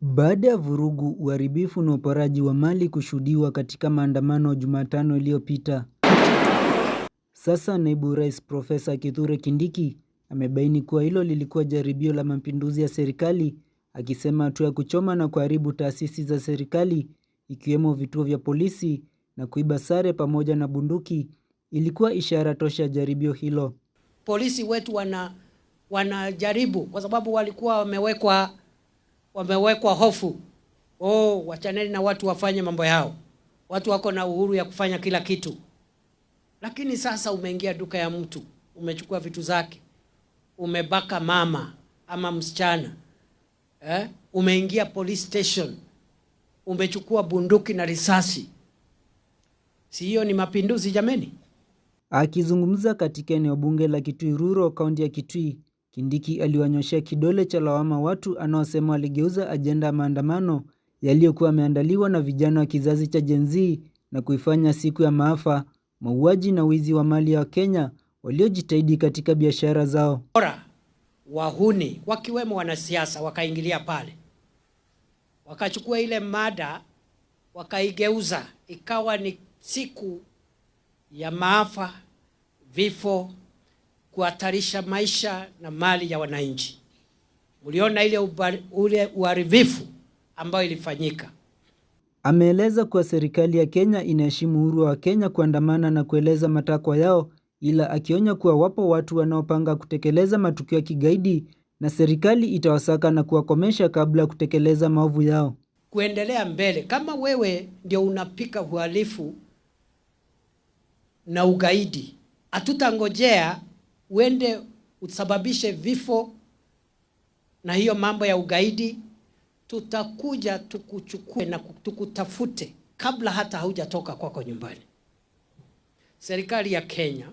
Baada ya vurugu, uharibifu na uporaji wa mali kushuhudiwa katika maandamano Jumatano iliyopita. Sasa naibu rais Profesa Kithure Kindiki amebaini kuwa hilo lilikuwa jaribio la mapinduzi ya serikali, akisema hatua ya kuchoma na kuharibu taasisi za serikali ikiwemo vituo vya polisi na kuiba sare pamoja na bunduki ilikuwa ishara tosha ya jaribio hilo. Polisi wetu wana wanajaribu kwa sababu walikuwa wamewekwa wamewekwa hofu. Oh, wachaneni na watu wafanye mambo yao, watu wako na uhuru ya kufanya kila kitu. Lakini sasa umeingia duka ya mtu, umechukua vitu zake, umebaka mama ama msichana eh? Umeingia police station, umechukua bunduki na risasi, si hiyo ni mapinduzi jameni? Akizungumza katika eneo bunge la Kitui Rural, kaunti ya Kitui, Kindiki aliwanyoshea kidole cha lawama watu anaosema waligeuza ajenda ya maandamano yaliyokuwa yameandaliwa na vijana wa kizazi cha Gen Z na kuifanya siku ya maafa, mauaji na wizi wa mali ya Wakenya waliojitahidi katika biashara zao. Ora, wahuni wakiwemo wanasiasa wakaingilia pale, wakachukua ile mada wakaigeuza ikawa ni siku ya maafa, vifo kuhatarisha maisha na mali ya wananchi. Mliona ile ule uharibifu ambayo ilifanyika. Ameeleza kuwa serikali ya Kenya inaheshimu uhuru wa Kenya kuandamana na kueleza matakwa yao, ila akionya kuwa wapo watu wanaopanga kutekeleza matukio ya kigaidi na serikali itawasaka na kuwakomesha kabla ya kutekeleza maovu yao. Kuendelea mbele, kama wewe ndio unapika uhalifu na ugaidi, hatutangojea uende usababishe vifo na hiyo mambo ya ugaidi, tutakuja tukuchukue na tukutafute kabla hata haujatoka kwako nyumbani. Serikali ya Kenya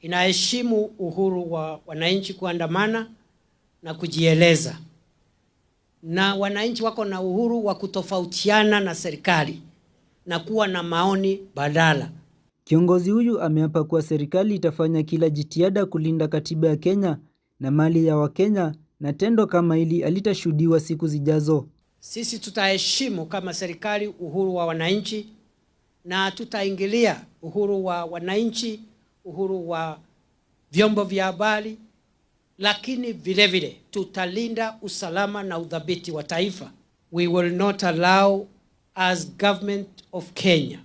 inaheshimu uhuru wa wananchi kuandamana na kujieleza, na wananchi wako na uhuru wa kutofautiana na serikali na kuwa na maoni badala Kiongozi huyu ameapa kuwa serikali itafanya kila jitihada kulinda katiba ya Kenya na mali ya Wakenya na tendo kama hili halitashuhudiwa siku zijazo. Sisi tutaheshimu kama serikali uhuru wa wananchi na tutaingilia uhuru wa wananchi, uhuru wa vyombo vya habari, lakini vile vile tutalinda usalama na udhabiti wa taifa. We will not allow as government of Kenya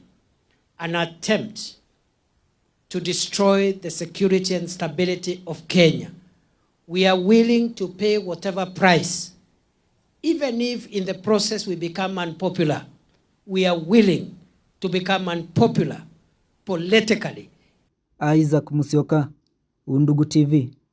an attempt to destroy the security and stability of Kenya. We are willing to pay whatever price, even if in the process we become unpopular. We are willing to become unpopular politically. Isaac Musyoka, Undugu TV.